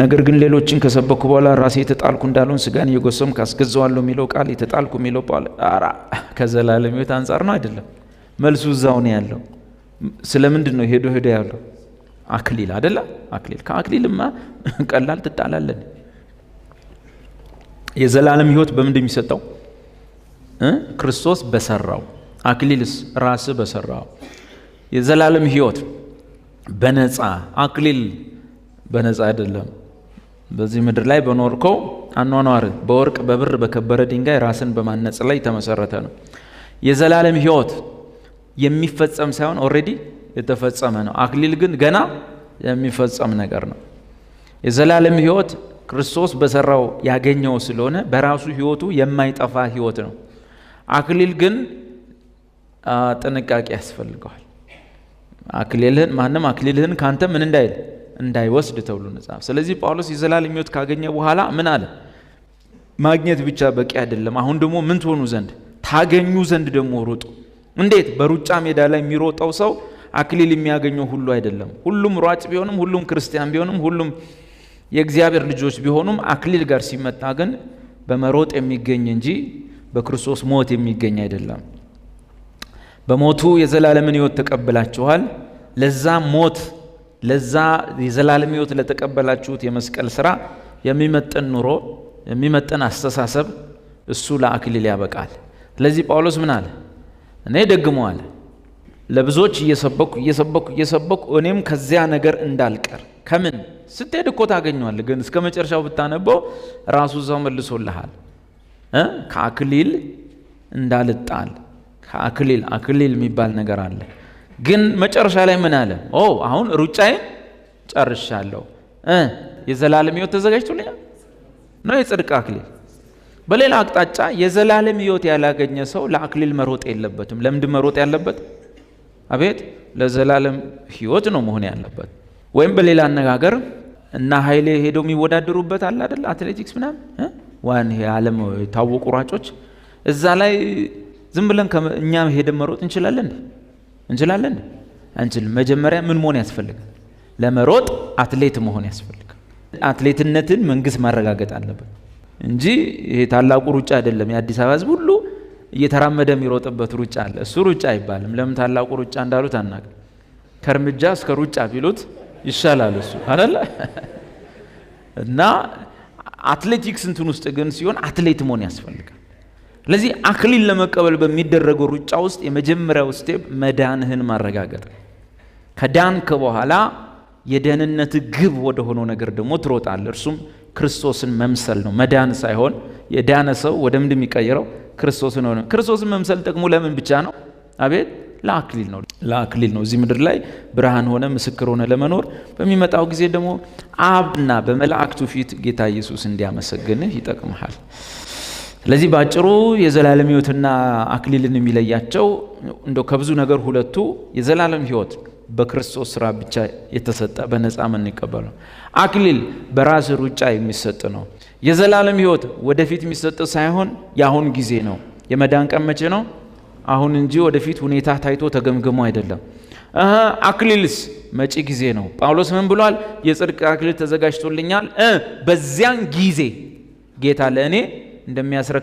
ነገር ግን ሌሎችን ከሰበኩ በኋላ ራሴ የተጣልኩ እንዳልሆን ስጋን እየጎሰም ካስገዛዋለሁ የሚለው ቃል የተጣልኩ የሚለው ቃል አራ ከዘላለም ሕይወት አንጻር ነው አይደለም። መልሱ እዛው ነው ያለው። ስለምንድን ነው ሄዶ ሄዶ ያለው አክሊል አደለ? አክሊል ከአክሊልማ ቀላል ትጣላለን። የዘላለም ሕይወት በምንድን የሚሰጠው ክርስቶስ በሰራው አክሊልስ ራስ በሰራው የዘላለም ሕይወት በነፃ አክሊል በነፃ አይደለም። በዚህ ምድር ላይ በኖርከው አኗኗር በወርቅ በብር በከበረ ድንጋይ ራስን በማነጽ ላይ የተመሰረተ ነው። የዘላለም ህይወት የሚፈጸም ሳይሆን ኦልሬዲ የተፈጸመ ነው። አክሊል ግን ገና የሚፈጸም ነገር ነው። የዘላለም ህይወት ክርስቶስ በሰራው ያገኘው ስለሆነ በራሱ ህይወቱ የማይጠፋ ህይወት ነው። አክሊል ግን ጥንቃቄ ያስፈልገዋል። አክሊልህን ማንም አክሊልህን ካንተ ምን እንዳይል እንዳይወስድ ተብሎ ነጻፍ። ስለዚህ ጳውሎስ የዘላለም ሕይወት ካገኘ በኋላ ምን አለ? ማግኘት ብቻ በቂ አይደለም። አሁን ደግሞ ምን ትሆኑ ዘንድ ታገኙ ዘንድ ደግሞ ሩጡ። እንዴት? በሩጫ ሜዳ ላይ የሚሮጠው ሰው አክሊል የሚያገኘው ሁሉ አይደለም። ሁሉም ሯጭ ቢሆንም፣ ሁሉም ክርስቲያን ቢሆንም፣ ሁሉም የእግዚአብሔር ልጆች ቢሆኑም አክሊል ጋር ሲመጣ ግን በመሮጥ የሚገኝ እንጂ በክርስቶስ ሞት የሚገኝ አይደለም። በሞቱ የዘላለምን ሕይወት ተቀብላችኋል። ለዛ ሞት ለዛ የዘላለም ህይወት ለተቀበላችሁት የመስቀል ስራ የሚመጥን ኑሮ የሚመጥን አስተሳሰብ እሱ ለአክሊል ያበቃል። ስለዚህ ጳውሎስ ምን አለ? እኔ ደግሞ አለ ለብዙዎች እየሰበኩ እየሰበኩ እየሰበኩ እኔም ከዚያ ነገር እንዳልቀር ከምን ስትሄድ እኮ ታገኘዋል። ግን እስከ መጨረሻው ብታነበው ራሱ ሰው መልሶልሃል። ከአክሊል እንዳልጣል ከአክሊል አክሊል የሚባል ነገር አለ። ግን መጨረሻ ላይ ምን አለ? ኦ አሁን ሩጫዬን ጨርሻለሁ፣ የዘላለም ህይወት ተዘጋጅቶልኛል ነው የጽድቅ አክሊል። በሌላ አቅጣጫ የዘላለም ህይወት ያላገኘ ሰው ለአክሊል መሮጥ የለበትም። ለምንድን መሮጥ ያለበት? አቤት ለዘላለም ህይወት ነው መሆን ያለበት። ወይም በሌላ አነጋገር እና ኃይሌ ሄደው የሚወዳደሩበት አለ አይደል? አትሌቲክስ ምናምን ዋን የዓለም የታወቁ ሯጮች እዛ ላይ ዝም ብለን እኛ ሄደን መሮጥ እንችላለን። እንችላለን አንችል። መጀመሪያ ምን መሆን ያስፈልጋል? ለመሮጥ አትሌት መሆን ያስፈልጋል። አትሌትነትን መንግስት ማረጋገጥ አለበት እንጂ ይሄ ታላቁ ሩጫ አይደለም። የአዲስ አበባ ህዝብ ሁሉ እየተራመደ የሚሮጥበት ሩጫ አለ። እሱ ሩጫ አይባልም። ለምን ታላቁ ሩጫ እንዳሉት አናውቅም። ከእርምጃ እስከ ሩጫ ቢሉት ይሻላል እሱ አለ እና አትሌቲክስ እንትን ውስጥ ግን ሲሆን አትሌት መሆን ያስፈልጋል። ስለዚህ አክሊል ለመቀበል በሚደረገው ሩጫ ውስጥ የመጀመሪያው ስቴፕ መዳንህን ማረጋገጥ። ከዳንክ በኋላ የደህንነት ግብ ወደ ሆነው ነገር ደግሞ ትሮጣለ እርሱም ክርስቶስን መምሰል ነው። መዳን ሳይሆን የዳነ ሰው ወደ ምንድን የሚቀይረው ክርስቶስን ሆነ። ክርስቶስን መምሰል ጥቅሙ ለምን ብቻ ነው? አቤት ለአክሊል ነው። ለአክሊል ነው። እዚህ ምድር ላይ ብርሃን ሆነ ምስክር ሆነ ለመኖር በሚመጣው ጊዜ ደግሞ አብና በመላእክቱ ፊት ጌታ ኢየሱስ እንዲያመሰግንህ ይጠቅምሃል። ስለዚህ በአጭሩ የዘላለም ህይወትና አክሊልን የሚለያቸው እንደ ከብዙ ነገር ሁለቱ የዘላለም ህይወት በክርስቶስ ስራ ብቻ የተሰጠ በነፃ ይቀበሉ አክሊል በራስ ሩጫ የሚሰጥ ነው። የዘላለም ህይወት ወደፊት የሚሰጥ ሳይሆን የአሁን ጊዜ ነው። የመዳን ቀን መቼ ነው? አሁን እንጂ ወደፊት ሁኔታ ታይቶ ተገምግሞ አይደለም። አክሊልስ መጪ ጊዜ ነው። ጳውሎስ ምን ብሏል? የጽድቅ አክሊል ተዘጋጅቶልኛል፣ በዚያን ጊዜ ጌታ ለእኔ እንደሚያስረ